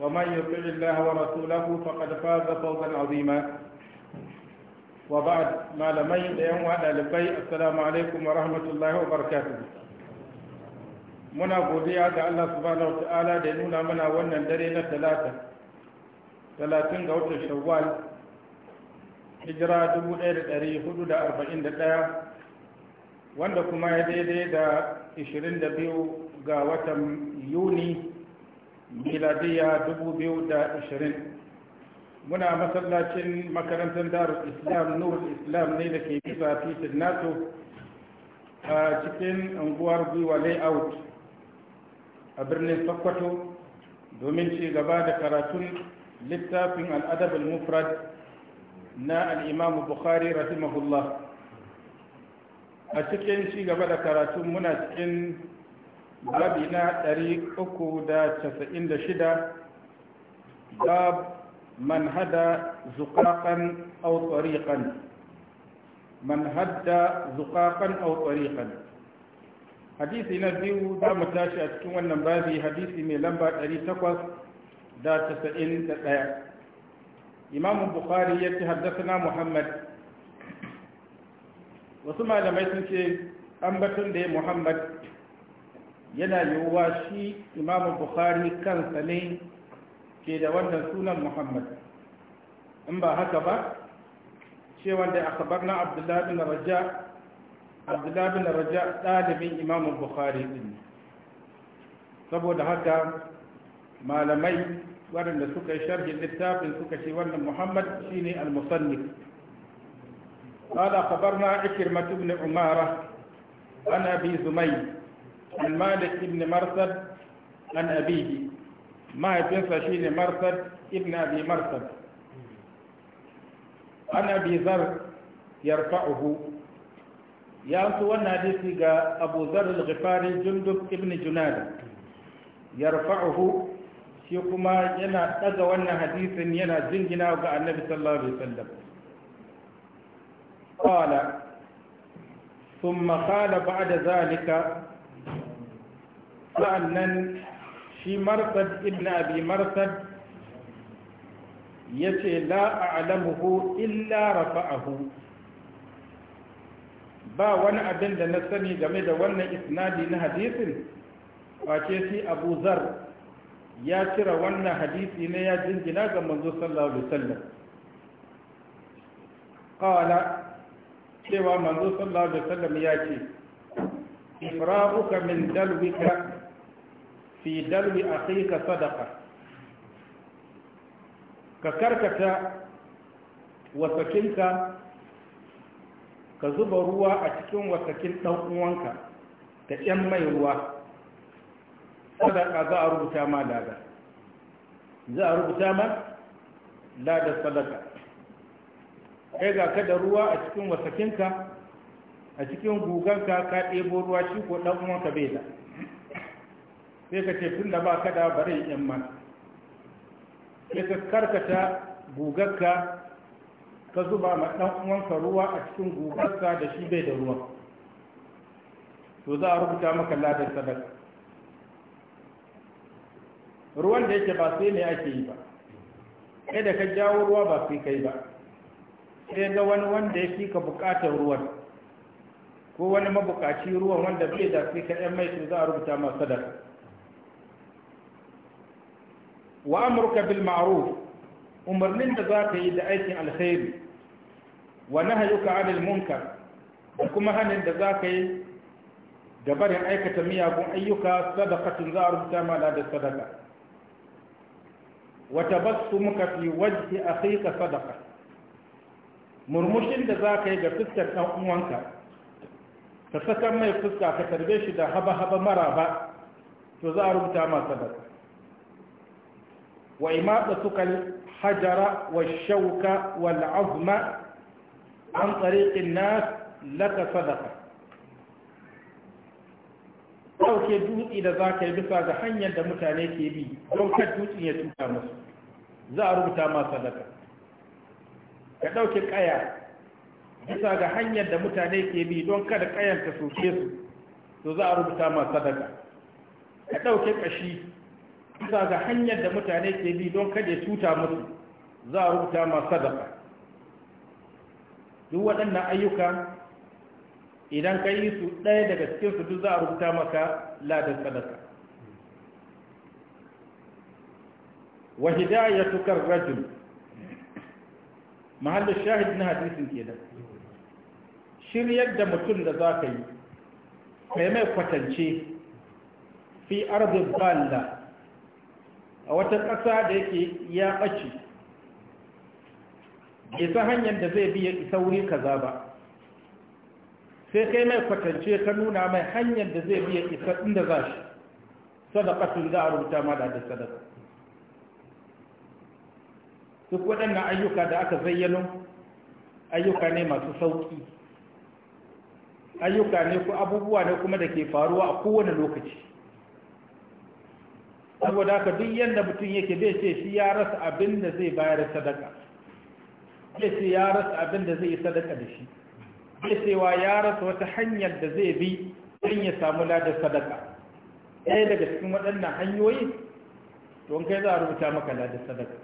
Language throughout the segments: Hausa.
ومن يطع الله ورسوله فقد فاز فوزا عظيما وبعد ما لم ليوم على لبي السلام عليكم ورحمة الله وبركاته muna godiya ga Allah subhanahu wa ta'ala da ya nuna mana wannan dare na talata talatin ga watan shawwal hijira 1441 wanda kuma ya daidai da 22 ga watan yuni da 2020 muna masallacin makarantar darul islam nur islam ne da ke bisa titin nato a cikin unguwar gwiwa layout a birnin sokoto domin ci gaba da karatun littafin al'adab al-mufrad na al'imamu bukhari rahimahullah a cikin ci gaba da karatun muna cikin babi na 396 bab man hada zuƙaƙan au man hada zuƙaƙan au hadisi na biyu za mu tashi a cikin wannan babi hadisi mai lamba 891 imamun bukari ya ci haddasa na muhammad wasu malamai sun ce an batun da ya muhammad yana yiwuwa shi imamu bukhari kansa ne ke da wannan sunan muhammad in ba haka ba ce wanda akabar na abdullahi bin raja abdullahi raja ɗalibin imamu bukhari din saboda haka malamai waɗanda suka yi sharhin littafin suka ce wannan muhammad shine al-musannif قال أخبرنا عكرمة بن عمارة عن أبي زميل Almalik ibn marsad an abihi mahaifinsa shine marsad ibn abi marsad an abi zar yarfa'uhu ya su wannan hadisi ga abu zar al-ghifari jundub ibn junad yarfa'uhu shi kuma yana daga wannan hadisin yana jingina ga annabi sallallahu alaihi wasallam qala thumma qala ba'da zalika nan shi marsad ibn abi marsad ya ce la'a'alamuhu illa rafa'ahu ba wani abin da na sani game da wannan isnadi na hadisin wace shi abu zar ya cira wannan hadisi ne ya jingina ga manzo sallallahu alaihi wasallam qala cewa manzo sallallahu alaihi wasallam ya ce ifra'uka min dalwika fi dalbi ka sadaqa ka karkata wasakinka ka zuba ruwa a cikin wasakin dan uwanka ta ƴan mai ruwa sadaka za a rubuta ma daga, za a rubuta ma lada sadaka kai ga ka da ruwa a cikin wasakinka a cikin guganka ka ɗebo ruwa shi ko ɗan uwanka bai da sai ka ce tun da ba ka da bari yan man sai ka karkata gugarka ka zuba ma ɗan uwanka ruwa a cikin gugarsa da shi bai da ruwan to za a rubuta maka ladar sadaka ruwan da yake ba sai ne ake yi ba sai da ka jawo ruwa ba sai kai ba sai ga wani wanda ya fi ka bukatar ruwan ko wani mabukaci ruwan wanda bai da sai ka yan mai to za a rubuta masu sadaka wa amurka bil ma'ruf umarnin da za ka yi da aikin alkhairi wa nahayuka anil munkar da kuma hanin da za ka yi da barin aikata miyagun ayyuka sadakatun za a rubuta mala da sadaka wata su muka fi wajhi akhika sadaka murmushin da za ka yi ga fuskar ɗan uwanka ka saka mai fuska ka tarbe shi da haba-haba mara ba, to za a rubuta ma sadaka وإماطة الحجر والشوك والعظم عن طريق الناس لك صدقة أو dutse إذا ذاك ka yi bisa ga hanyar da mutane ke bi don kar dutsen ya tuta musu za a bisa ga hanyar da mutane ke bi don kada ƙayan ta soke su to za a rubuta ma sadaka ka ɗauke ƙashi bisa ga hanyar da mutane ke bi don kada ya cuta musu za a rubuta ma sadaka duk waɗannan ayyuka idan ka yi su ɗaya daga cikin su duk za a rubuta maka ladan sadaka wa hidayatu kar rajul mahallin shahid na hadisin kenan shiryar da mutum da za ka yi kai mai kwatance fi arzikin balla a wata ƙasa da yake ya ɓace bai san hanyar da zai biya isa wuri kaza ba sai kai mai kwatance ka nuna mai hanyar da zai biya isa inda za shi sadakatun za a rubuta mada da sadaka duk waɗannan ayyuka da aka zayyano ayyuka ne masu sauƙi ayyuka ne ko abubuwa ne kuma da ke faruwa a kowane lokaci saboda haka duk yadda mutum yake bai ce shi ya rasa abin da zai bayar sadaka bai ce ya rasa abin da zai yi sadaka da shi bai cewa ya rasa wata hanyar da zai bi don ya samu ladar sadaka ɗaya daga cikin waɗannan hanyoyi to kai za a rubuta maka ladar sadaka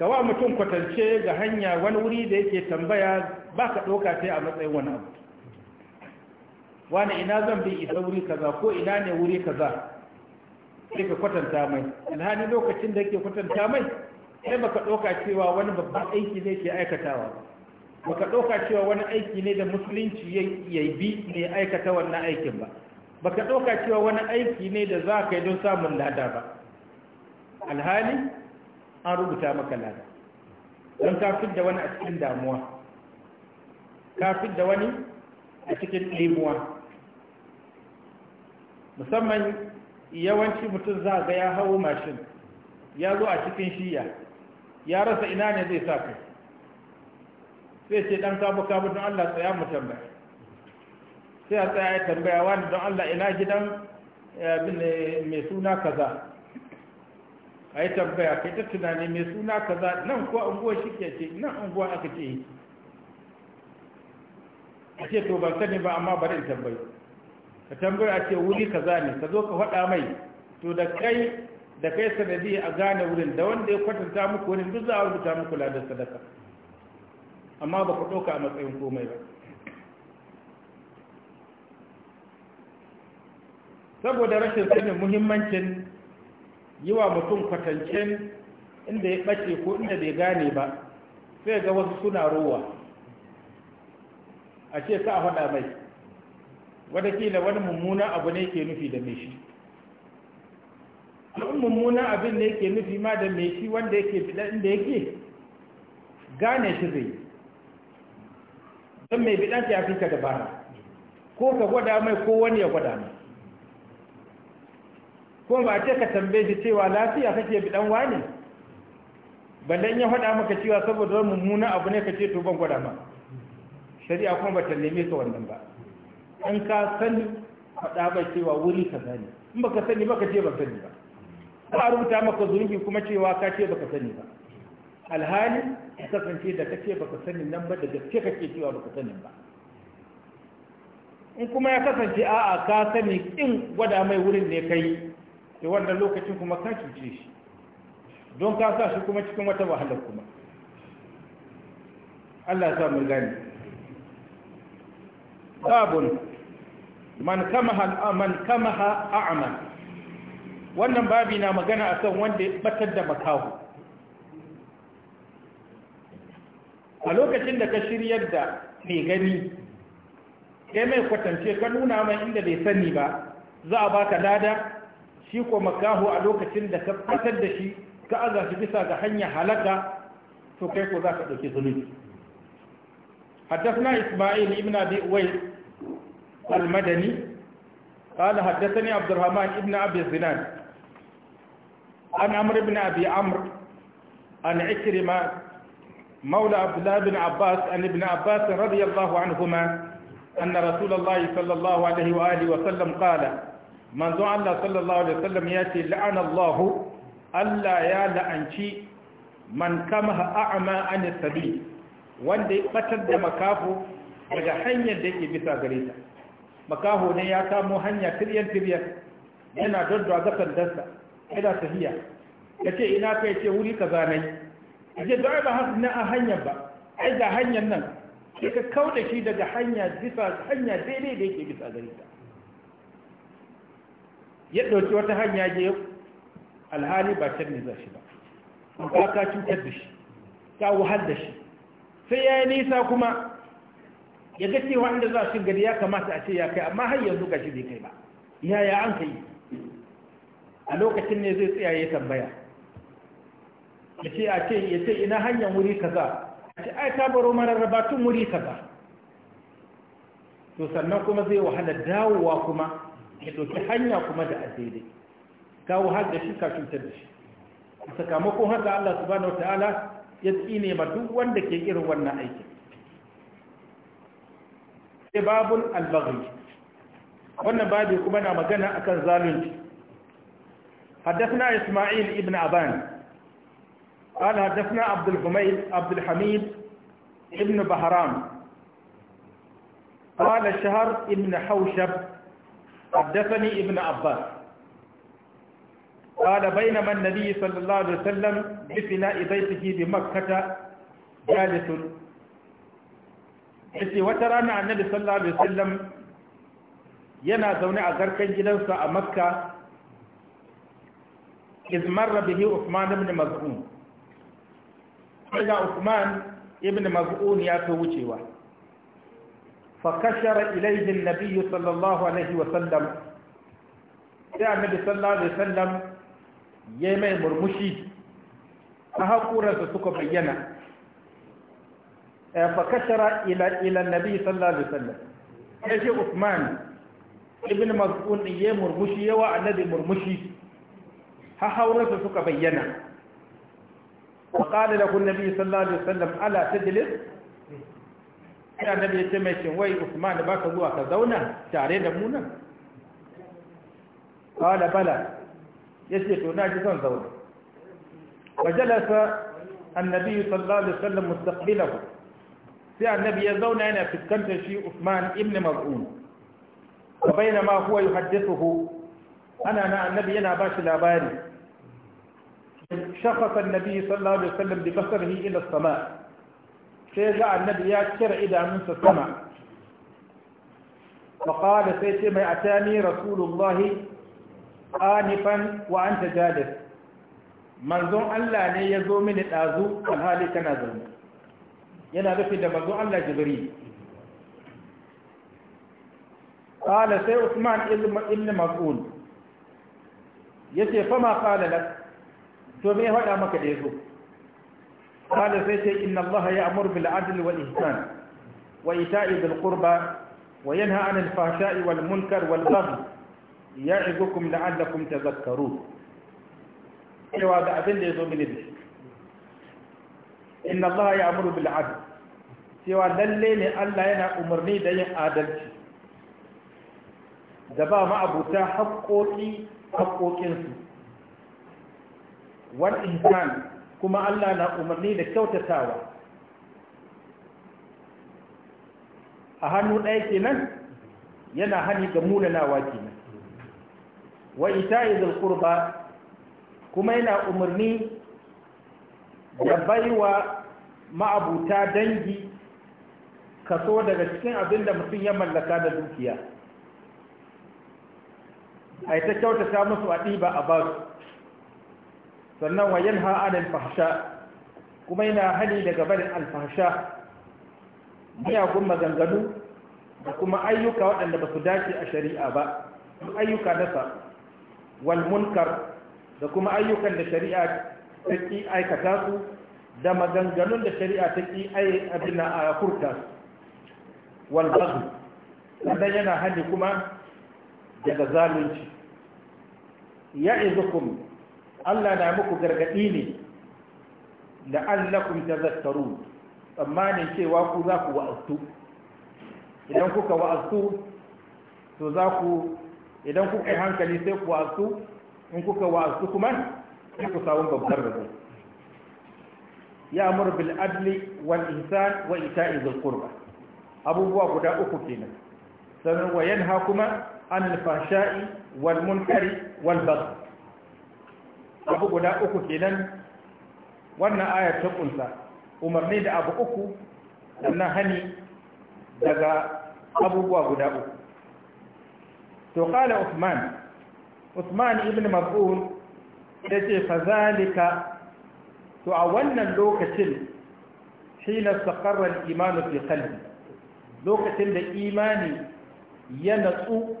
kawa mutum kwatance ga hanya wani wuri da yake tambaya ba ka ɗauka sai a matsayin wani abu wani ina zan bi isa wuri kaza ko ina ne wuri kaza sai ka kwatanta mai alhali lokacin da yake kwatanta mai sai baka ɗauka cewa wani babban aiki ne ke aikatawa baka ɗauka cewa wani aiki ne da musulunci ya bi ne aikata wannan aikin ba baka ɗauka cewa wani aiki ne da za ka yi don samun lada ba alhali an rubuta maka lada don kafin da wani a cikin damuwa kafin da wani a cikin ɗimuwa musamman yawanci mutum za ga ya hawo mashin ya zo a cikin shiya ya rasa ina ne zai sa kai sai ce dan kabu kabu don Allah tsaya mu tambaya sai a tsaya ya tambaya wani don Allah ina gidan eh, mai suna kaza a yi tambaya kai ta tunani mai suna kaza nan kuwa unguwa shi ke ce nan unguwa aka ce a ce to ban sani ba amma bari in tambayi ka tambaya ce wuri ka zane ka zo ka faɗa mai to da kai da kai sanadi a gane wurin da wanda ya kwatanta muku wurin duk za a rubuta muku ladar sadaka amma ba ku ɗauka a matsayin komai ba saboda rashin sanin muhimmancin yi wa mutum kwatancen inda ya ɓace ko inda bai gane ba sai ga wasu suna rowa a ce sa a faɗa mai watakila wani mummuna abu ne ke nufi da mai shi wani mummuna abin da yake nufi ma da mai shi wanda yake bidan inda yake gane shi zai don mai bidan ya fi ka dabara ko ka gwada mai ko wani ya gwada mai ko ba ce ka tambaye shi cewa lafiya kake bidan wani ballan ya faɗa maka cewa saboda wani mummuna abu ne ka ce to ban gwada ma shari'a kuma ba ta neme ka wannan ba in ka sani faɗa ba cewa wuri ka sani in ba ka sani ba ka ce ba sani ba ba rubuta maka zunubi kuma cewa ka ce ba ka sani ba alhali ka kasance da ka ce ba ka sani nan ba da gaske ka ce cewa ba ka sani ba in kuma ya kasance a'a ka sani in gwada mai wurin ne kai da wannan lokacin kuma ka cuce shi don ka sa shi kuma cikin wata wahalar kuma Allah ya sa mu gani babun man kamaha man kamaha a'ma wannan babi na magana akan wanda ya batar da makahu a lokacin da ka shiryar da mai gani kai mai kwatance ka nuna mai inda bai sani ba za a baka lada shi ko makahu a lokacin da ka batar da shi ka aza shi bisa ga hanyar halaka to kai ko za ka ɗauki zulmi حدثنا إسماعيل ابن أبي أويس المدني قال حدثني عبد الرحمن ابن أبي الزناد عن عمرو بن أبي عمرو عن عكرمة مولى عبد الله بن عباس عن ابن عباس رضي الله عنهما أن رسول الله صلى الله عليه وآله وسلم قال من دعا الله صلى الله عليه وسلم يأتي لعن الله ألا يا لأنشي man kama a'ma an sabi wanda ya batar da makafu daga hanyar da yake bisa gare ta makaho ne ya kamo hanya tiryan tiryan yana a ga sandarsa yana tafiya ya ce ina kai ce wuri ka zanai a ce don ba hasu na a hanyar ba ai ga hanyar nan sai ka kau da shi daga hanya bisa hanya daidai da yake bisa gari ta ya ɗauki wata hanya je alhali ba can ne za shi ba ka ka cutar da shi ka wahal da shi sai ya yi nisa kuma ya ga cewa inda za su gari ya kamata a ce ya kai amma har yanzu gashi bai kai ba yaya an kai a lokacin ne zai tsaya ya tambaya ya ce a ce ya ce ina hanyar wuri kaza a ce ai ta baro rabatun wuri kaza to sannan kuma zai wahala dawowa kuma ya ɗauki hanya kuma da daidai kawo har da shi kafin ta da sakamakon haka Allah subhanahu ta'ala ya tsine ma duk wanda ke irin wannan aikin sai babu albagri wannan babu kuma na magana a kan zalunci haddasa isma'il ibn abani ala haddasa abdulhamid abdulhamid ibn baharam ala shahar ibn haushab haddasani ibn abbas قال بينما النبي صلى الله عليه وسلم بفناء بيته بمكة جالس yace wata rana annabi sallallahu alaihi wasallam yana zaune a garkan gidansa a makka Izmar bihi usman ibn maz'un daga usman ibn maz'un ya ta wucewa fakashara ilayhi an-nabiy sallallahu alaihi sai yayi mai murmushi a hakurarsa suka bayyana Eh, fakashara ila nabi sallallahu alaihi wasallam ya ce usman ibn mazun ya murmushi yawa annabi murmushi ha haurarsa suka bayyana wa qala lahu nabi sallallahu alaihi wasallam ala tajlis ya nabi ya ce wai usman baka zuwa ka zauna tare da mu nan qala bala yace to na ji zan zauna sai annabi ya zauna yana fuskantar shi Usman ibn Maz'un wa bainama huwa yuhaddithuhu ana na annabi yana ba shi labari shakhasa annabi sallallahu alaihi wasallam bi basarihi ila as-sama sai ga annabi ya kira idanunsa sama فقال سيتي ما أتاني رسول الله آنفا وأنت جالس منظوم ألا نيزو من الآزو الهالي كنازل yana nufin da manzo Allah jibril qala sai usman ibn mas'ud yace fa ma qala lak to me faɗa maka da yazo qala sai ce inna Allah ya'muru bil adli wal ihsan wa ita'i bil qurba wa yanha 'anil fahsha'i wal munkar wal baghi ya'idukum la'allakum tadhakkarun cewa da abin da yazo mini inna Allah ya amuru bil adl cewa lalle ne Allah yana umarni da yin adalci da ba ma abuta haƙoƙi haƙoƙinsu wal kuma Allah na umarni da kyautatawa a hannu ɗaya kenan yana hani ga munanawa kenan wa ita'i zal kuma yana umarni ya baiwa ma'abuta dangi kaso daga cikin abin da mutum ya mallaka da dukiya a yi ta kyautata musu a ɗiba a ba su sannan wayan ha'anin fahasha kuma yana hali daga barin alfahasha miyagun maganganu da kuma ayyuka waɗanda ba su dace a shari'a ba ayyuka nasa walmunkar da kuma ayyukan da shari'a ta aikata su da maganganun da shari'a ta ƙi abina a furta su walbazu sannan yana hannu kuma daga zalunci ya izukum Allah na muku gargaɗi ne da ta tazakkaru tsammanin cewa ku za ku wa'astu idan kuka wa'astu to za ku idan kuka yi hankali sai ku wa'azu in kuka wa'astu kuma sai ku samu babbar rabo ya amur bil adli wal ihsan wa ita'i dhil qurba abubuwa guda uku kenan sannan wa yanha kuma an al fahsha'i wal munkari wal bagh abu guda uku kenan wannan ayar ta kunsa umarni da abu uku sannan hani daga abubuwa guda uku to qala usman usman ibn maf'un ya ce fazalika to a wannan lokacin shi na sakarar imanu fi kalli, lokacin da imani ya natsu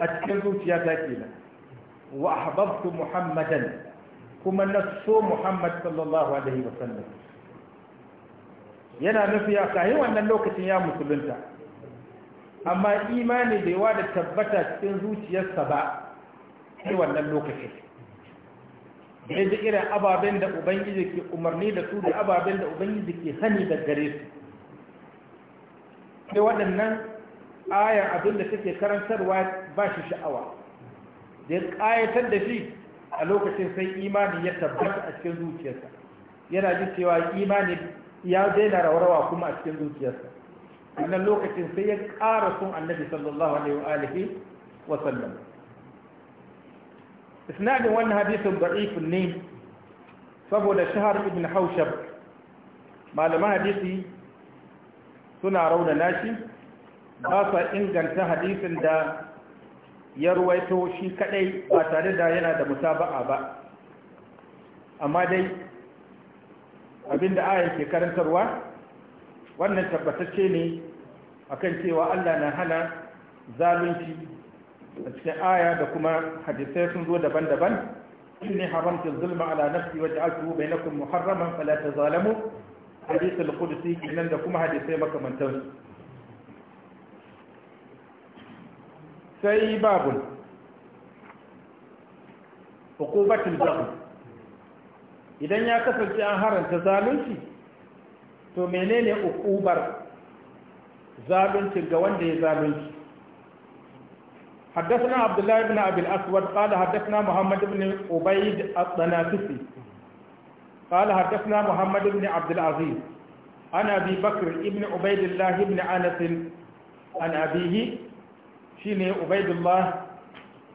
a cikin zuciya ta kenan wa ahbabtu muhammadan kuma na so muhammad sallallahu alaihi wasallam yana nufi ya kayi wannan lokacin ya musulunta amma imani bai wa da tabbata cikin zuciyarsa ba sai wannan lokacin da ya irin ababen da ubangiji ke umarni da su da ababen da ubangiji ke sani da gare su sai waɗannan ayar abin da take karantarwa ba shi sha'awa da ya ƙayatar da shi a lokacin sai imani ya tabbata a cikin zuciyarsa yana ji cewa imani ya daina rawarwa kuma a cikin zuciyarsa wannan lokacin sai ya ƙara sun annabi sallallahu alaihi wa sallam isnadin wannan hadisin da'ifun ne saboda shahar ibn haushab malaman hadisi suna rauna nashi ba sa inganta hadisin da ya ruwaito shi kadai ba tare da yana da musaba'a ba amma dai abinda ayan ke karantarwa wannan tabbatacce ne akan cewa Allah na hana zalunci da cikin aya da kuma hadisai sun zo daban-daban inni haramta zulma ala nafsi wa ja'altu bainakum muharraman fala tazalamu hadith al-qudsi kinan da kuma hadisai makamantan su sai babun hukubatul zalim idan ya kasance an haranta zalunci to menene hukubar zalunci ga wanda ya zalunci حدثنا عبد الله بن أبي الأسود قال حدثنا محمد بن عبيد الطنافسي قال حدثنا محمد بن عبد العزيز عن أبي بكر بن عبيد الله بن أنس عن أبيه شيني عبيد الله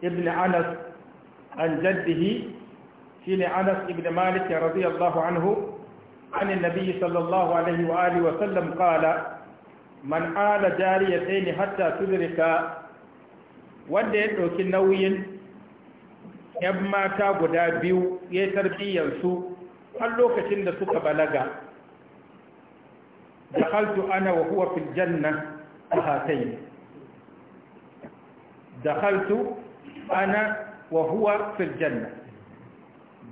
بن أنس عن جده شيني أنس بن مالك رضي الله عنه عن النبي صلى الله عليه وآله وسلم قال من آل جاريتين حتى تدرك wanda ya ɗauki nauyin 'yan mata guda biyu ya tarbiyyarsu har lokacin da suka balaga da haltu ana wa huwa fil janna a hatayi da haltu ana wa huwa fil janna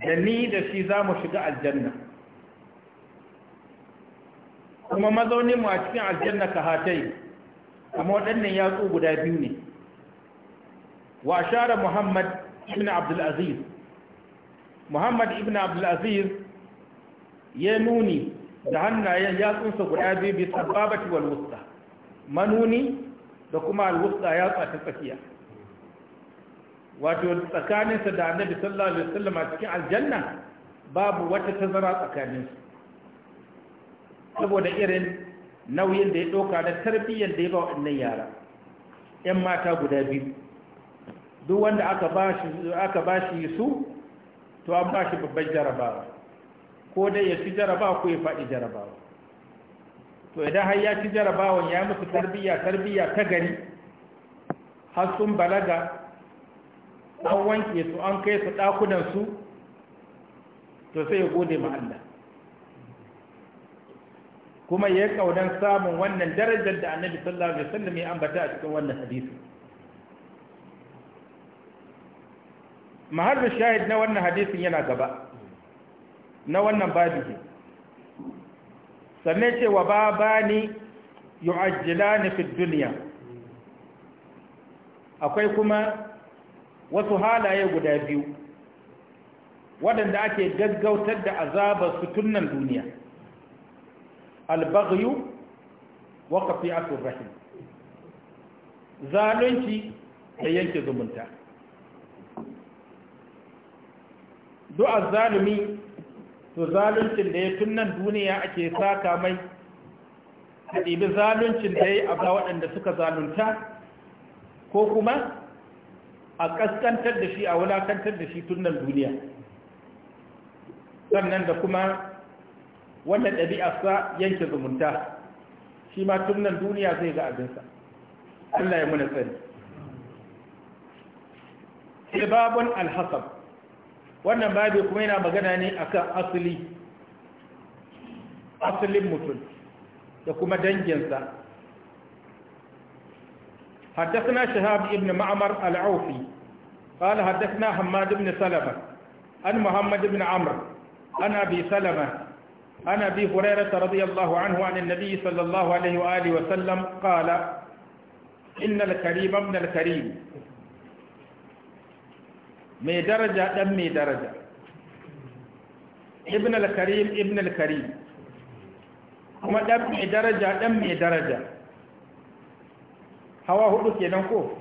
da ni da shi za mu shiga aljanna kuma mazauninmu a cikin aljanna ka hatai amma waɗannan yatsu guda biyu ne wa shara muhammad ibn abdulaziz muhammad ibn abdulaziz ya nuni da hannayen yatsunsa guda biyu bi sababati wal wusta manuni da kuma al wusta yatsa ta tsakiya wato tsakaninsa da annabi sallallahu alaihi wasallam a cikin aljanna babu wata tazara tsakaninsu saboda irin nauyin da ya ɗauka da tarbiyyar da ya ba annan yara ‘yan mata guda biyu duk wanda aka ba shi su to an ba shi babban jarabawa ko dai ya ci jarabawa ko ya faɗi jarabawa to idan har ya ci jarabawan ya musu tarbiyya tarbiyya ta gari har sun balaga an wanke su an kai su ɗakunan su, to sai ya gode ma Allah kuma ya yi kaunan samun wannan darajar da annabi sallallahu alaihi wasallam ya ambata a cikin wannan hadisi mahallu shahid na wannan hadisin yana gaba na wannan babi sannan ce wa babani yu'ajjilani fi duniya, akwai kuma wasu halaye guda biyu waɗanda ake gaggautar da azabar su tunan duniya albaghiyu wa qati'atur rahim zalunci da yanke zumunta du'a zalimi to zaluncin da ya tun nan duniya ake saka mai a ɗibi zaluncin da ya yi a ba waɗanda suka zalunta ko kuma a ƙasƙantar da shi a wulakantar da shi tun nan duniya sannan da kuma wannan ɗabi'arsa yanke zumunta shi ma tun nan duniya zai ga abinsa Allah ya muna tsari. Ibabun alhassab wannan babu kuma yana magana ne akan asali asalin mutum da kuma danginsa حدثنا شهاب بن معمر العوفي قال حدثنا حماد بن سلمة عن محمد بن عمرو عن أبي سلمة عن أبي هريرة رضي الله عنه عن النبي صلى الله عليه وآله وسلم قال إن الكريم ابن الكريم mai daraja dan mai daraja ibn al-karim ibn al-karim kuma dan mai daraja dan mai daraja hawa hudu kenan ko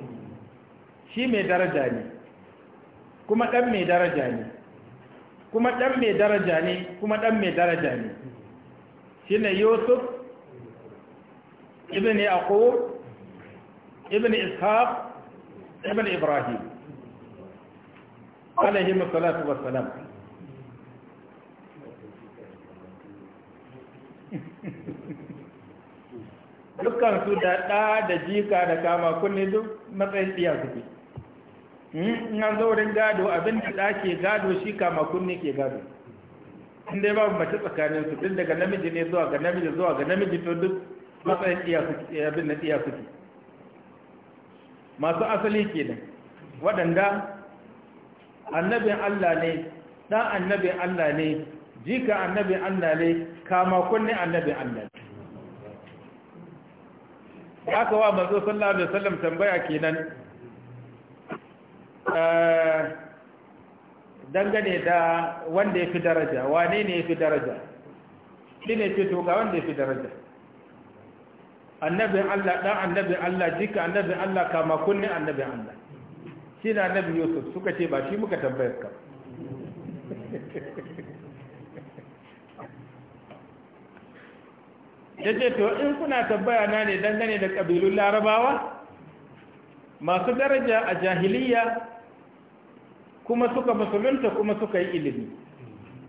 shi mai daraja ne kuma dan mai daraja ne kuma dan mai daraja ne kuma dan mai daraja ne ne yusuf ibn yaqub ibn ishaq ibn ibrahim alaihi masalatu wassalam dukkan su da ɗa da jika da kama kunne duk matsayin tsiya ke in an zaurin gado abin da ɗa ke gado shi kama kunne ke gado in dai babu mace tsakanin su tun daga namiji ne zuwa ga namiji zuwa ga namiji to duk matsayin tsiya ke abin na tsiya ke. masu asali kenan waɗanda annabin Allah ne dan annabin Allah ne jika annabin Allah ne kama kunne annabin Allah ne aka wa manzo sallallahu alaihi wasallam tambaya kenan eh, dangane da wanda ya fi daraja wane ne ya fi daraja shi ne ce to ga wanda ya fi daraja annabin Allah dan annabin Allah jika annabin Allah kama kunne annabin Allah shi na nabi yusuf suka ce ba shi muka tambayar ka ya ce to in kuna tambaya na ne dangane da ƙabilun larabawa masu daraja a jahiliya kuma suka musulunta kuma suka yi ilimi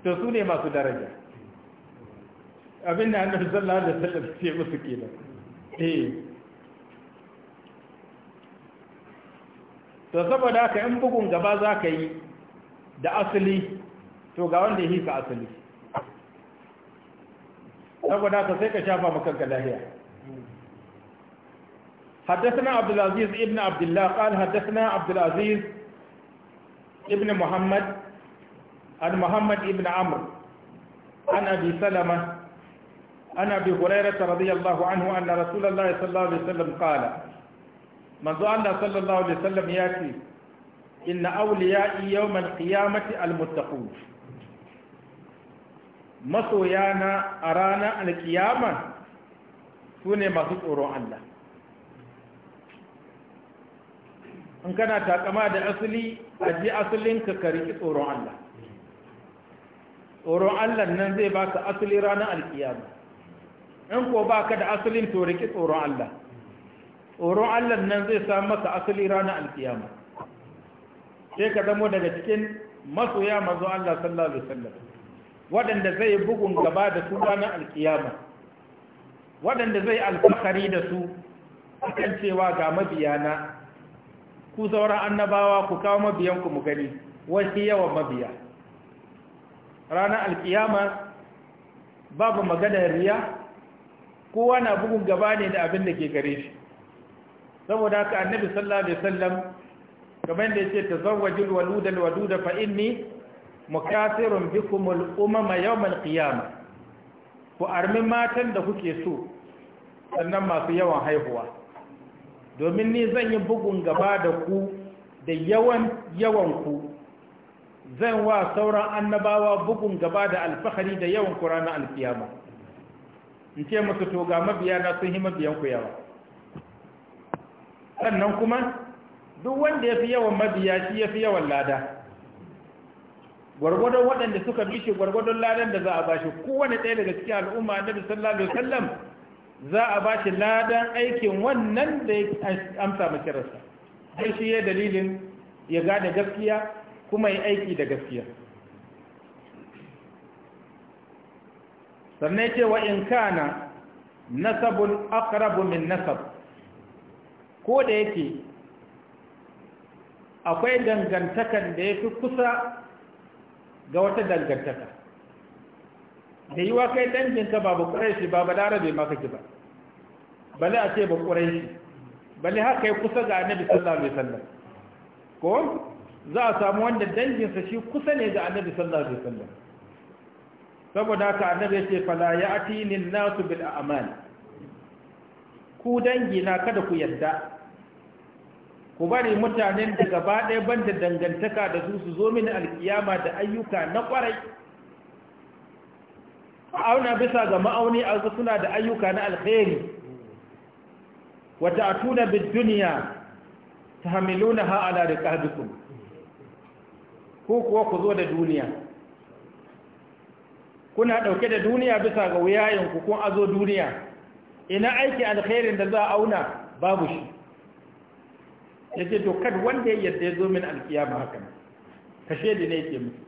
to su ne masu daraja abinda annabi sallallahu da sallar ce musu kenan eh. to saboda haka in bugun gaba za ka yi da asali to ga wanda ya hika asali saboda haka sai ka shafa makanka lahiya حدثنا عبد العزيز ابن عبد الله قال حدثنا عبد العزيز ابن محمد عن محمد ابن عمرو عن ابي سلمه عن ابي هريره رضي الله عنه ان رسول الله صلى الله عليه وسلم قال manzo Allah sallallahu alaihi wasallam ya ce inna awliya'i yawmal qiyamati almuttaqun masoyana a ranar alkiyama su ne masu tsoron Allah in kana takama da asali a ji asalinka ka riƙi tsoron Allah tsoron Allah nan zai baka asali ranar alkiyama in ko baka da asalin to riƙi tsoron Allah tsoron allah nan zai sa maka asali ranar alkiyama sai ka zamo daga cikin masoya mazo allah sallallahu alaihi wasallam waɗanda zai bugun gaba da su ranar alkiyama waɗanda zai alfahari da su akan cewa ga mabiyana ku sauran annabawa ku kawo mabiyanku mu gani wasu yawan mabiya ranar alkiyama babu maganar riya kowa na bugun gaba ne da abin da ke gare shi saboda haka annabi sallallahu alaihi wasallam kamar da yake tazawwajul waludal waduda fa inni mukathirun bikum al umama yawm al qiyamah ku armi matan da kuke so sannan masu yawan haihuwa domin ni zan yi bugun gaba da ku da yawan yawan ku zan wa sauran annabawa bugun gaba da alfahari da yawan ku ranar alfiyama. in ce musu to ga mabiya na sun yi mabiyan ku yawa sannan kuma duk wanda ya fi yawan mabiya shi ya fi yawan lada gwargwadon waɗanda suka bi shi gwargwadon ladan da za a bashi kowane ɗaya daga cikin al'umma na sallallahu da sallam za a bashi ladan aikin wannan da ya amsa makirarsa sai shi ya dalilin ya gane gaskiya kuma ya aiki da gaskiya sannan ce wa in kana nasabun akrabu min nasab ko da yake akwai dangantakan da ya fi kusa ga wata dangantaka da yi wa kai danginka ba bukurai shi ba ba larabe maka ki ba bale a ce ba shi bale haka ya kusa ga annabi sallallahu alaihi wasallam ko za a samu wanda danginsa shi kusa ne ga annabi sallallahu alaihi wasallam saboda haka annabi ya ce fala ati lin nasu bil a'mal ku dangi na kada ku yadda ku bari mutanen da gaba ɗaya ban da dangantaka da su su zo mini alkiyama da ayyuka na ƙwarai auna bisa ga ma'auni a suna da ayyuka na alkhairi wata atuna bi duniya ta na ha'ala da ƙadukun ko kuwa ku zo da duniya kuna ɗauke da duniya bisa ga wuyayenku kun zo duniya ina aiki alkhairin da za a auna babu shi ya ce to kad wanda ya yarda ya zo min alkiyama haka ne ka shaidi ne ke mutu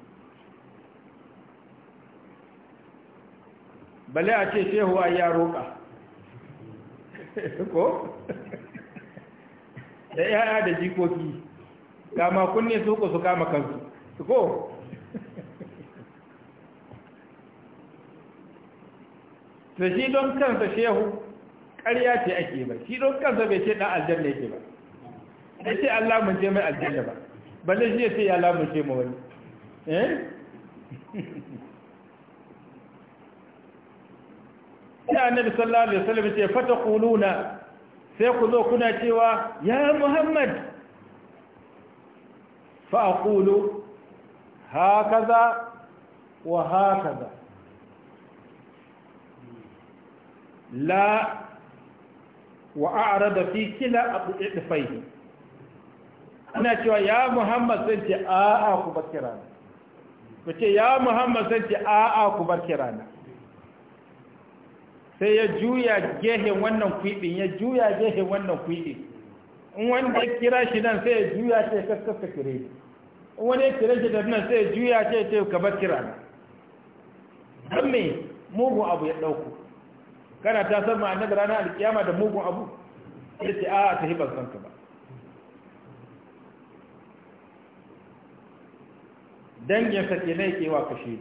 bale a ce shehu a ya roƙa ko da yaya da jikoki kama kunne su ku su kama kansu ko to shi don kansa shehu ƙarya ce ake ba shi don kansa bai ce ɗan aljanna yake ba da ce an lamunce mai aljanna ba balle shi ya ce ya lamunce ma wani eh ya annabi sallallahu alaihi wasallam ce fata quluna sai ku zo kuna cewa ya muhammad fa aqulu hakaza wa hakaza la wa a'rada fi kila adfaihi ina cewa ya muhammad sun ce a'a ku bar kirana ku ce ya muhammad sun ce a'a ku bar kirana sai ya juya gehen wannan kwiɗin ya juya gehen wannan kwiɗin in wanda ya kira shi nan sai ya juya ce kaskaska kire in wani ya kira shi da nan sai ya juya ce ce ka bar kirana don me mugun abu ya ɗauku kana ta san ma'anar ranar alkiyama da mugun abu ya ce a ta hibar sanka ba danginsa ke kewa kashe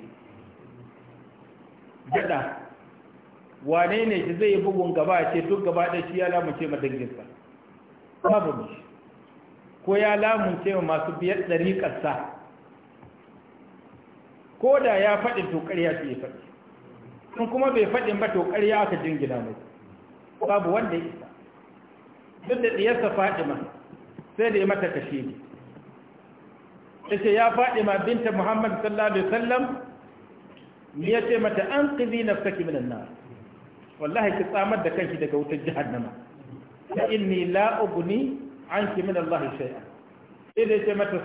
gada wane ne shi zai bugun gaba ce duk gaba da shi ya lamunce ma danginsa babu ne ko ya lamunce ma masu biyar ɗariƙarsa ko da ya faɗi to ƙarya su ya faɗi sun kuma bai faɗin ba to ƙarya aka jingina mai babu wanda ya isa duk da ɗiyarsa faɗi ma sai da ya mata kashe ne yace ya Fatima binta Muhammad sallallahu alaihi wasallam mata nafsaki wallahi ki tsamar da kanki daga wutar jahannama fa inni la ubni anki min Allah shay'a idan mata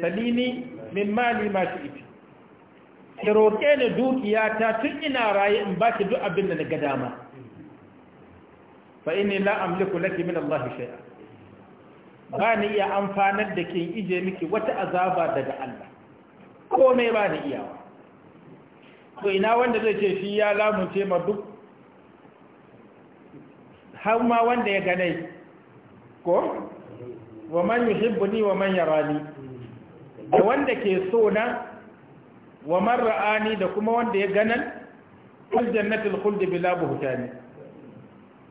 salini eh, min mali ma ki roƙe ni dukiyata tun ina raye in baki duk abin da na ga dama fa inni la amliku laki min Allah shay'a ba ni iya amfanar da ke ije miki wata azaba daga Allah komai ba ni iyawa to ina wanda zai ce shi ya lamunce ma duk har ma wanda ya ganai ko wa man yuhibbuni wa man yarani da wanda ke so na wa man ra'ani da kuma wanda ya ganan kul jannatul khuld bila buhtani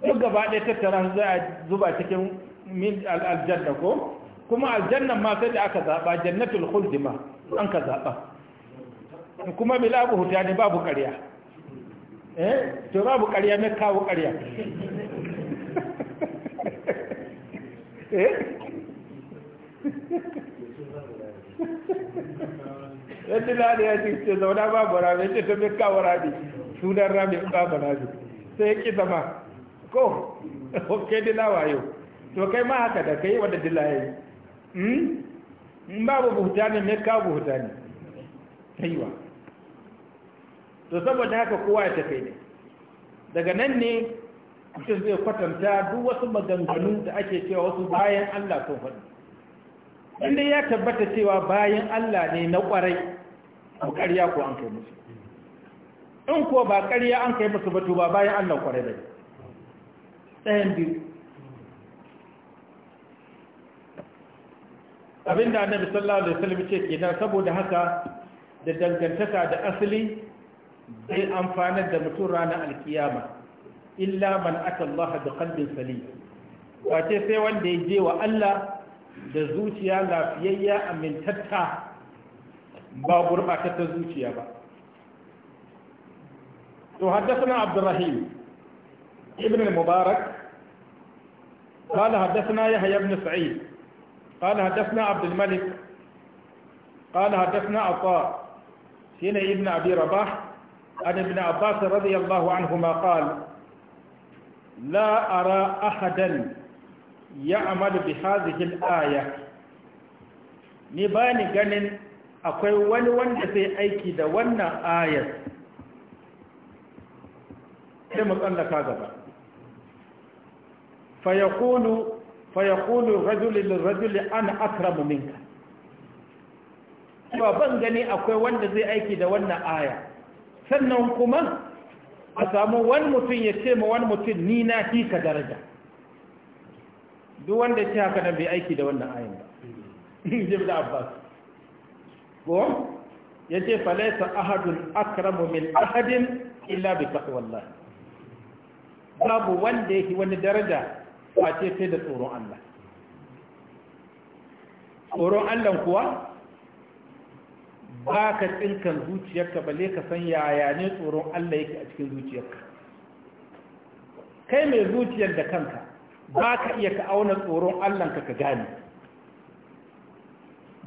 duk gaba ɗaya tattara za a zuba cikin min aljanna ko kuma aljanna ma sai da aka zaba jannatul khuldi ma an ka zaba kuma bila abu huta ne babu ƙarya eh to babu ƙarya mai kawo ƙarya eh yadda na da ya ce zauna babu rabi ce ta mai kawo rabi sunan rami babu rami sai ya ƙi zama ko ok dina wayo to kai ma haka da kai wanda dilla yayi hmm in babu buhutani me ka ne kaiwa to saboda haka kowa ya tafi ne daga nan ne mutum zai kwatanta duk wasu maganganu da ake cewa wasu bayan Allah sun faɗi inda ya tabbata cewa bayan Allah ne na ƙwarai a ƙarya ko an kai musu in kuwa ba ƙarya an kai musu ba to ba bayan Allah ƙwarai ba ɗayan biyu abinda annabi sallallahu alaihi wasallam ce kenan saboda haka da dangantaka da asali zai amfanar da mutum ranar alkiyama illa man ata Allah da qalbin salim wace sai wanda ya je wa Allah da zuciya lafiyayya amintatta ba gurbatattar zuciya ba to haddathana Abdurrahim ibn al-Mubarak قال حدثنا يحيى بن سعيد قال حدثنا عبد الملك قال حدثنا عطاء سين ابن أبي رباح عن ابن عباس رضي الله عنهما قال لا أرى أحدا يعمل بهذه الآية نباني قال akwai wani wanda zai aiki da wannan ayar sai mu tsallaka gaba fayakulu fa yaqulu rajulun lirajuli ana akramu minka ba ban gani akwai wanda zai aiki da wannan aya sannan kuma a samu wani mutum ya ce ma wani mutum ni na fi ka daraja duk wanda ce haka na bai aiki da wannan ayin ba jim da abbas ko ya ce falaisa ahadun akramu min ahadin illa bi taqwallah babu wanda yake wani daraja face sai da tsoron Allah tsoron Allah kuwa ba ka tsinkan zuciyarka balle ka san yaya ne tsoron Allah yake a cikin zuciyarka kai mai zuciyar da kanka ba ka iya ka auna tsoron Allah ka gane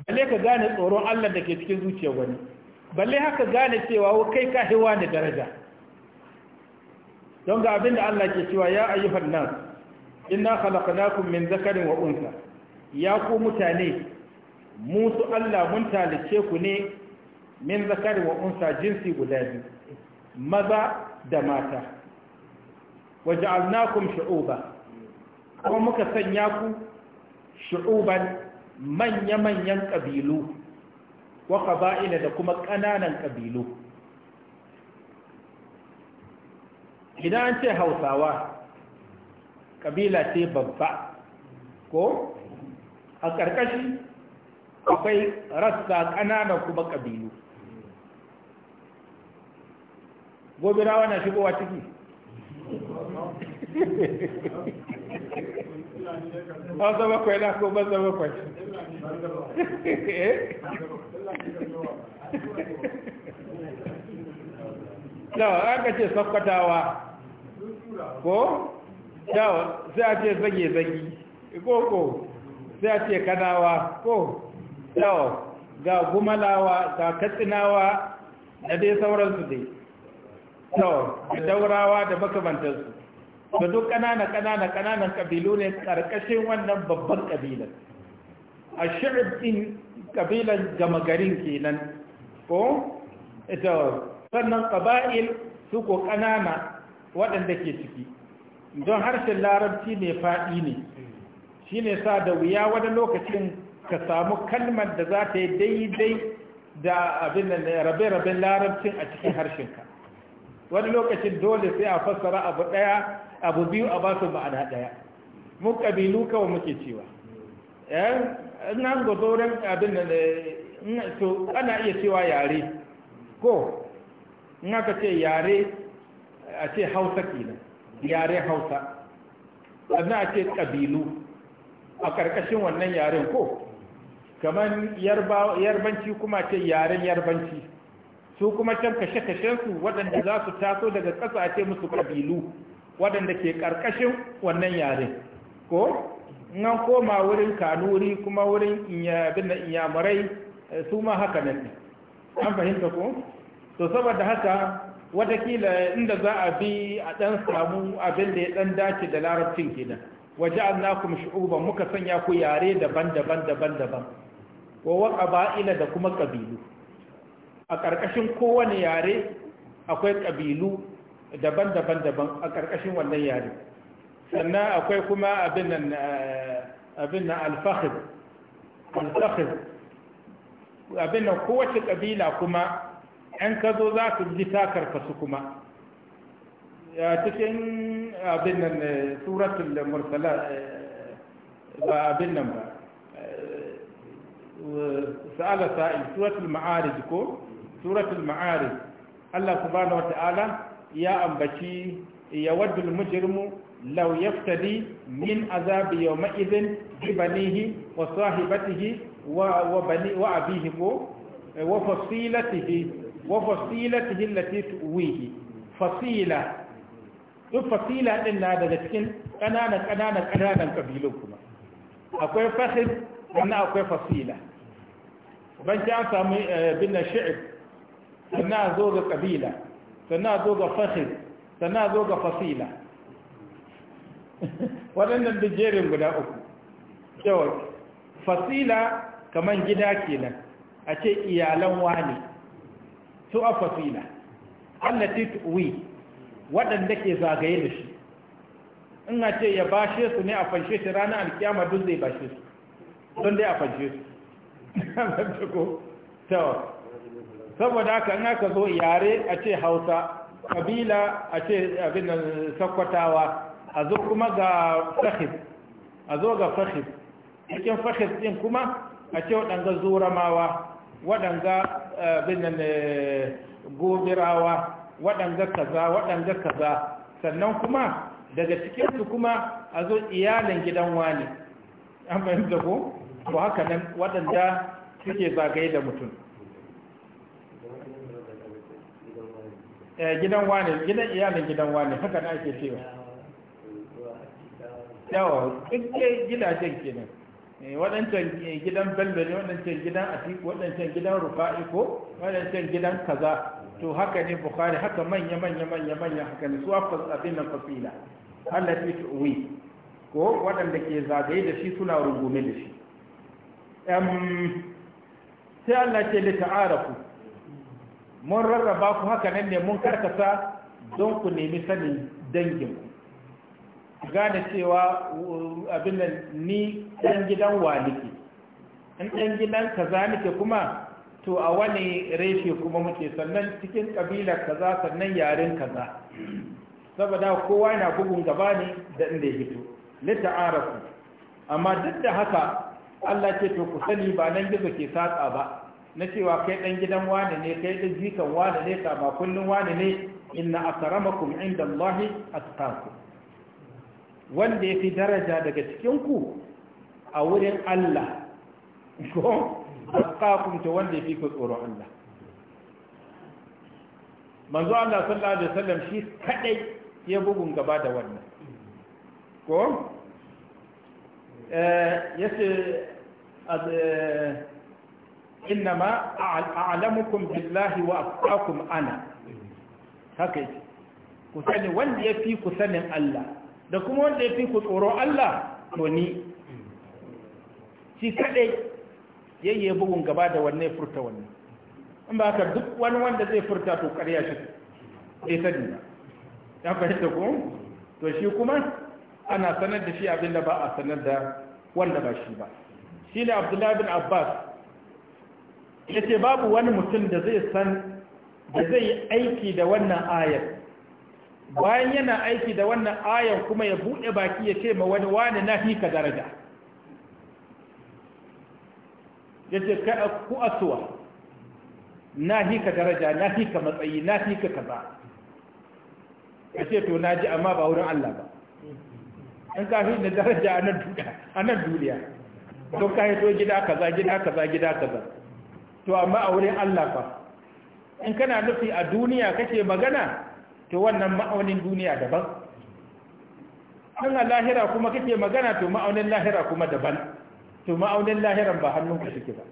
balle ka gane tsoron Allah da ke cikin zuciyar wani balle haka gane cewa kai ka hewa da daraja don ga abin da Allah ke cewa ya ayyuhan nan inna khalaqnakum min zakarin wa unsa ya ku mutane mu su Allah mun talice ku ne min zakarin wa unsa jinsi guda maza da mata waja'alnakum shu'uba kuma muka sanya ku shu'uban manya-manyan kabilu wa qaba'ila da kuma ƙananan kabilu idan an ce hausawa kabila ce babba ko a ƙarƙashi akwai rassa ƙanana kuma ƙabilu gobirawa na shigowa ciki A zama bakwai na ko ban ba bakwai da eh? aka ce sakwatawa ko yawa sai a ce zage-zage ko sai a ce kanawa ko yawa ga gumalawa ga katsinawa da dai sauransu dai yawa da daurawa da makamantarsu da duk kanana kanana kananan kabilu ne karkashin wannan babban kabilan a shirin kabilan gama garin kenan ko ita sannan kaba'il su ko kanana waɗanda ke ciki don harshen larabci mai faɗi ne shi ne sa da wuya wani lokacin ka samu kalmar da za ta yi daidai da abin da rabe-raben larabcin a cikin harshenka wani lokacin dole sai a fassara abu ɗaya abu biyu a basu ma'ana ɗaya mu ƙabilu kawai muke cewa eh, ina gozoren abin da eh, to ana iya cewa yare ko in aka ce yare a ce hausa kenan yare hausa sannan a ce ƙabilu a ƙarƙashin wannan yaren ko kamar yarbanci kuma ce yaren yarbanci su kuma can kashe-kashensu waɗanda za su taso daga ƙasa a ce musu ƙabilu waɗanda ke ƙarƙashin wannan yaren ko nan koma wurin kanuri kuma wurin inyamurai eh, su ma haka nan an fahimta ko to saboda haka watakila inda za a bi a ɗan samu abin da ya ɗan dace da larabcin kenan waje an na kuma shu'uban muka sanya ku yare daban-daban daban-daban wa ƙaba'ila da kuma ƙabilu a ƙarƙashin kowane yare akwai ƙabilu daban-daban daban a ƙarƙashin wannan yare sannan akwai kuma abin nan eh, abin nan alfahir alfahir abin nan kowace ƙabila kuma ‘yan kazo zo za su ji takarka su kuma A cikin abin nan eh, suratun da mursala eh, ba abin nan ba eh, sa'ala sa'il suratul ma'arij ko suratul ma'arij Allah subhanahu wata'ala ya ambaci ya waddul mujrimu law yaftadi min azabi yawma idhin bi banihi wa sahibatihi wa wa bani wa abihi ko wa fasilatihi wa fasilatihi allati tuwihi fasila duk fasila din na daga cikin ƙananan ƙananan ƙananan kabilu kuma akwai fahid sannan akwai fasila ban an samu eh, bin shi'ib sannan zo ga kabila sannan zo ga fahid sannan zo ga fasila waɗannan duk jerin guda uku yawa fasila kaman gida kenan a ce iyalan wani su afafina allati tuwi waɗanda ke zagaye da shi in a ce ya bashe su ne a fanshe shi ranar alkiyama duk zai bashe su don dai a fanshe su saboda haka in aka zo yare a ce hausa kabila a ce abin da sakwatawa a zo kuma ga fahim a zo ga fahim cikin fahim din kuma a ce waɗanda zuramawa waɗanga eh, binan eh, gobirawa waɗanga kaza waɗanga kaza sannan kuma daga cikinsu kuma a zo iyalin gidan wani an fahimta ko ko haka nan waɗanda suke zagaye da mutum eh, gidan wani gidan iyalin gidan wani haka na ake cewa yawa duk gidajen kenan Eh, waɗancan eh, gidan bello waɗancan gidan atiku waɗancan gidan rufa'i ko waɗancan gidan kaza to haka ne bukhari haka manya manya manya manya haka ne su afas abin nan fasila fi tuwi ko waɗanda ke zagaye da shi suna rungume da shi sai Allah ce da ta'arafu mun rarraba ku haka nan ne mun karkasa don ku nemi sanin danginku. gane cewa abin da ni ɗan gidan waliki in ɗan gidan kaza nake kuma to a wani reshe kuma muke sannan cikin ƙabilar kaza sannan yaren kaza saboda kowa yana bugun gaba ne da inda ya fito rasu. amma duk da haka Allah ce to ku sani ba nan gizo ke satsa ba na cewa kai ɗan gidan wane ne kai ɗan jikan wane ne kama kullum wane ne inna akramakum inda Allah atqakum wanda ya fi daraja daga cikinku a wurin Allah ko asqakum to wanda ya fi ku tsoron Allah manzo Allah sallallahu alaihi wasallam shi kadai ya bugun gaba da wannan ko eh, eh, innama a'lamukum billahi wa ana haka ku sani wanda ya fi ku sanin Allah da kuma wanda ya fi ku tsoron Allah to ni shi kaɗai yayye bugun gaba da wannan furta wannan in ba ka duk wani wanda zai furta to ƙarya shi bai sani ba ya fahimta ko to shi kuma ana sanar da shi abinda ba a sanar da wanda ba shi ba shi ne abdullahi bin abbas ya ce babu wani mutum da zai san da zai aiki da wannan ayar bayan yana aiki da wannan ayan kuma ya buɗe baki ya ce ma wani wani na fi ka daraja ya ce ku asuwa na fi ka daraja na fi ka matsayi na fi ka kaza ya ce to na ji amma ba wurin Allah ba in ka fi da daraja a nan duniya to ka to gida kaza gida kaza gida kaza to amma a wurin Allah fa in kana nufi a duniya kake magana to wannan ma'aunin duniya daban in a lahira kuma kake magana to ma'aunin lahira kuma daban to ma'aunin lahiran ba hannun ku suke ba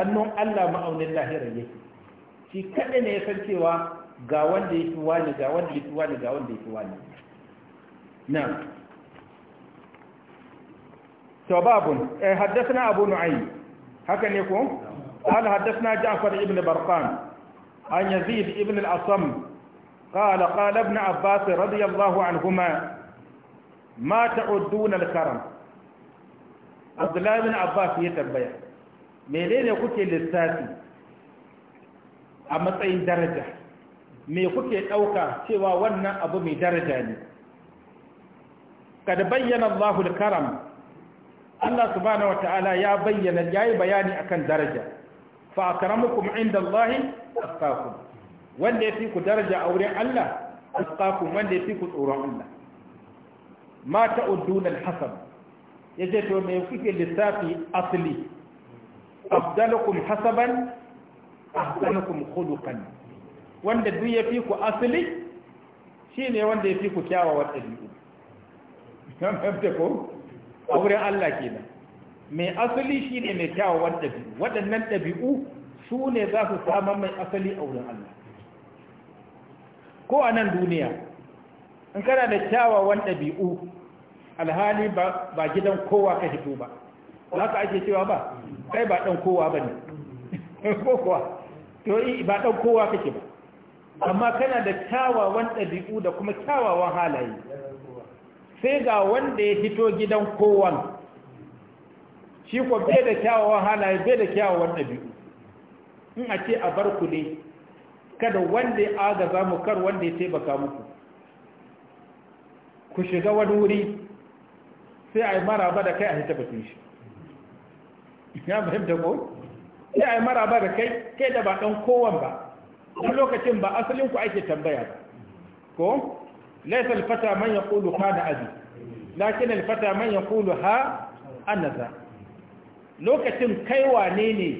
hannun Allah ma'aunin lahiran yake shi kaɗai ne ya san cewa ga wanda ya fi wani ga wanda ya fi wani ga wanda ya fi wani na to babun eh haddathna abu nu'aym haka ne ko قال حدثنا جعفر ابن برقان عن يزيد ابن الأصم قال قال ابن عباس رضي الله عنهما ما تعدون الكرم عبد الله بن عباس ya tambaya menene kuke lissafi a matsayin daraja me kuke ɗauka cewa wannan abu mai daraja ne kad bayyana Allahu al-karam Allah subhanahu wata'ala ya bayyana yayi bayani akan daraja fa akramukum inda Allah atqakum wanda ya fi ku daraja a wurin Allah asqakum wanda ya fi ku tsoron Allah ma ta'udduna al-hasan yace to me kuke lissafi asli afdalukum hasaban ahsanukum khuluqan wanda duk ya fi ku asali shine wanda ya fi ku kyawawan ɗabi'u kan fahimta ko a wurin Allah kenan mai asali shine mai kyawawan ɗabi'u waɗannan ɗabi'u su ne za su samar mai asali a wurin Allah ko a nan duniya in kana da kyawawan ɗabi'u alhali ba gidan kowa ka hito ba za ka ake cewa ba kai ba ɗan kowa ba ne ko kowa to yi ba ɗan kowa kake ba amma kana da kyawawan ɗabi'u da kuma kyawawan halaye sai ga wanda ya hito gidan kowan shi ko bai da kyawawan halaye bai da kyawawan ɗabi'u in a ce a bar ku ne kada wanda ya agaza mu kar wanda ya taimaka muku ku shiga wani wuri sai a yi maraba da kai a hita batun shi ya fahimta ko sai a yi maraba da kai kai da ba ɗan kowan ba A lokacin ba asalin ku ake tambaya ba ko laisa alfata man ha Na abi lakin alfata man kulu ha anaza lokacin kai wane ne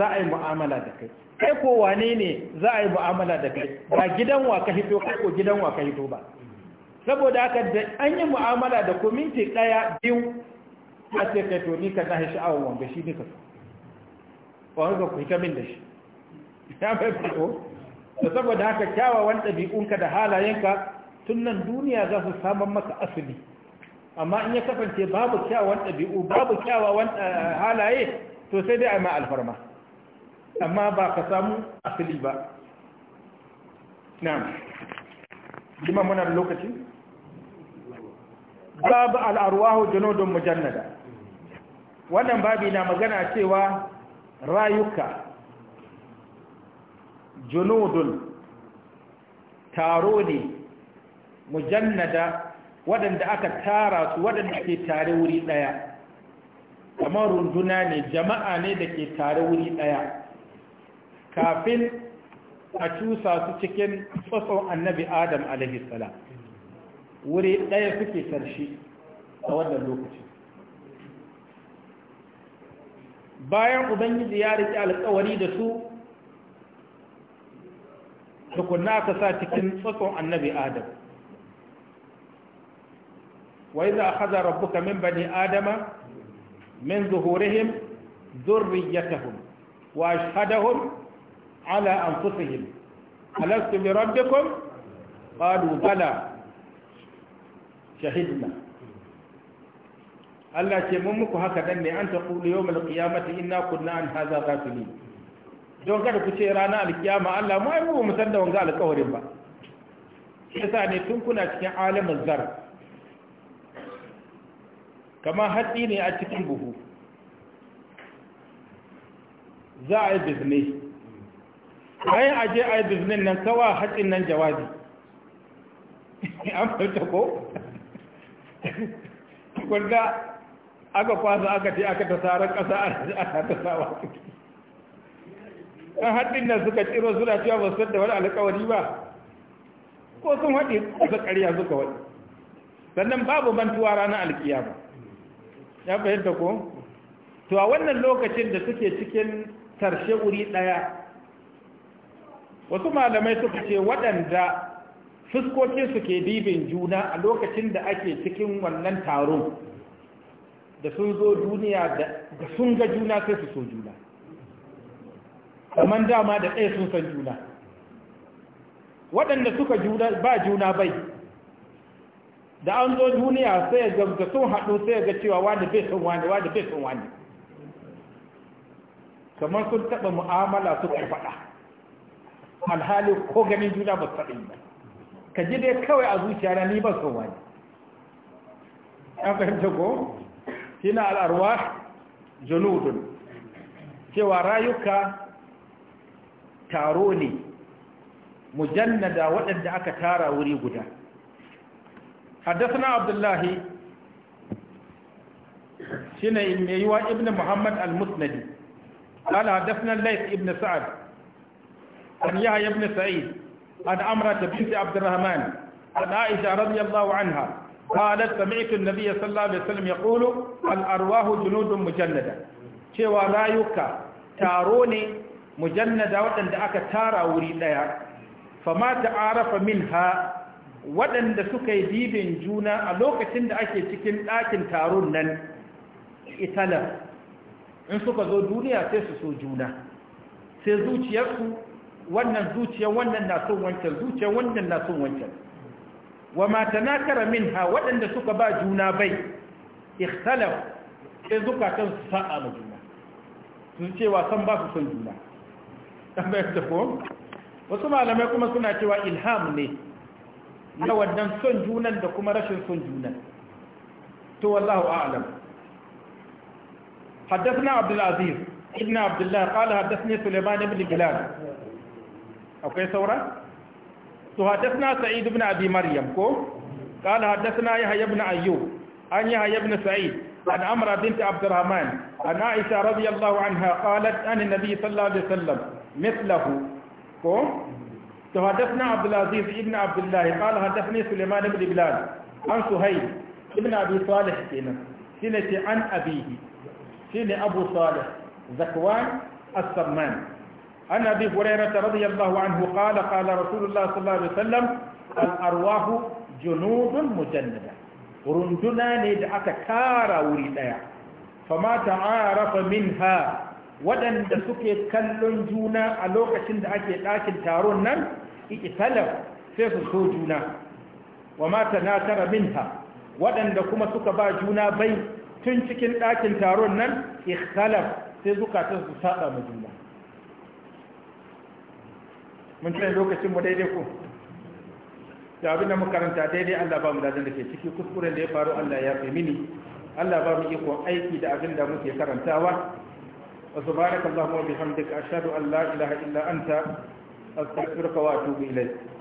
za a yi mu'amala da kai kai ko wane ne za a yi mu'amala da kai ba gidan wa ka hito kai ko gidan wa ka hito ba saboda haka da an yi mu'amala da kuminti ɗaya biyu a ce kai to ni ka zahi sha'awar wanda shi ne ka so wani ka kuka min da shi ya bai fito da saboda haka kyawawan ɗabi'unka da halayenka tun nan duniya za su saman maka asali amma in ya kafance babu kyawawan ɗabi'u babu kyawawan eh, halaye to sai dai a ma alfarma amma ba ka samu asali ba na'am lima muna da lokaci babu al'arwahu janodon mujannada wannan babi na magana cewa rayuka junudun taro ne mujannada waɗanda aka tara su waɗanda ke tare wuri ɗaya kamar runduna ne jama'a ne da ke tare wuri ɗaya kafin a cusa su cikin tsotson annabi adam alaihissalam wuri ɗaya suke sarshi a wannan lokacin bayan ubangiji ya riƙe alƙawari da su tukunna ka sa cikin tsotson annabi adam wa a haza rabbuka min bani adama min zuhurihim dhurriyyatahum wa ashhadahum Ala على أنفسهم ألست بربكم قالوا ubala شهدنا Allah ce mun muku haka dan ne an taqulu yawmal qiyamati ina kunna an haza za su ghafilin don kada ku ce rana alkiyama Allah mu ai mu san da wanga alƙawarin ba yasa ne tun kuna cikin alamin zar kamar hatsi ne a cikin buhu za a yi bizne a je a yi biznin nan kawa hatsin nan jawabi an fahimta ko kunda aka kwasa aka ce aka ta sarar ƙasa a ta sawa kan haɗin nan suka ciro suna cewa ba su da wani alƙawari ba ko sun haɗe kusa ƙarya suka wani sannan babu mantuwa ranar alƙiyama ya fahimta ko to a wannan lokacin da suke cikin tarshe wuri ɗaya wasu malamai suka ce waɗanda fuskokinsu ke dibin juna a lokacin da ake cikin wannan taron da sun zo duniya da sun ga juna sai su so juna kamar dama da ɗaya sun san juna waɗanda suka ba juna bai da an zo duniya sai ga da sun haɗu sai ga cewa wani bai son wani wani bai son wani kamar sun taɓa mu'amala suka faɗa alhali ko ganin juna ba su ba ka ji dai kawai a zuciya na ni ba so wani an fahimta ko shine al'arwa junudun cewa rayuka taro ne mujannada waɗanda aka tara wuri guda حدثنا عبد الله شنو يوا Muhammad محمد المسندي قال حدثنا الليث ابن سعد عن يحيى بن سعيد عن عمرة بنت عبد الرحمن عن عائشة رضي الله عنها قالت سمعت النبي صلى الله عليه وسلم يقول الأرواح جنود مجندة cewa rayuka taro ne mujannada waɗanda aka tara wuri ɗaya fama ta arafa min ha waɗanda suka yi dibin juna a lokacin da ake cikin ɗakin taron nan italar in suka zo duniya sai su so juna sai zuciyarsu wannan zuciya wannan na son wancan zuciya wannan na son wancan wa mata ma tanakara ha waɗanda suka ba juna bai ikhtalaf sai zukatan su sa'a ma juna su cewa san ba su son juna tambayar da ko wasu malamai kuma suna cewa ilham ne na wannan son junan da kuma rashin son junan to wallahu a'lam حدثنا عبد العزيز ابن عبد الله قال حدثني سليمان بن بلال akwai saura to haddathna sa'id ibn abi maryam ko qala haddathna yahya ibn ayyub an yahya ibn sa'id an amra bint abd an aisha radiyallahu anha qalat an nabi sallallahu alaihi wasallam mithlahu ko to haddathna abd alaziz ibn abdullah qala haddathni sulaiman ibn bilal an suhayl ibn abi salih kenan shine an abihi shine abu salih zakwan as-samman عن أبي هريرة رضي الله عنه قال قال رسول الله صلى الله عليه وسلم الأرواح جنود مجندة رندنا ندعى تكارا وريدايا فما تعارف منها ودن سكي كلن جونا ألوك شند أكي لكن تارون نم اقتلف سيسو سوجونا وما تناتر منها ودن كما سكبا جونا بي تنشكين لكن تارون نم اختلف سيزوكا تسو ساقا مجونا mun tsaye lokacin mu daidai ko da abin da makaranta daidai Allah ba mu dadin da ke ciki kuskuren da ya faru Allah ya fi mini Allah ba mu ikon aiki da abin da muke karantawa wa subhanakallahumma wa bihamdika ashhadu an la ilaha illa anta astaghfiruka wa atubu ilayk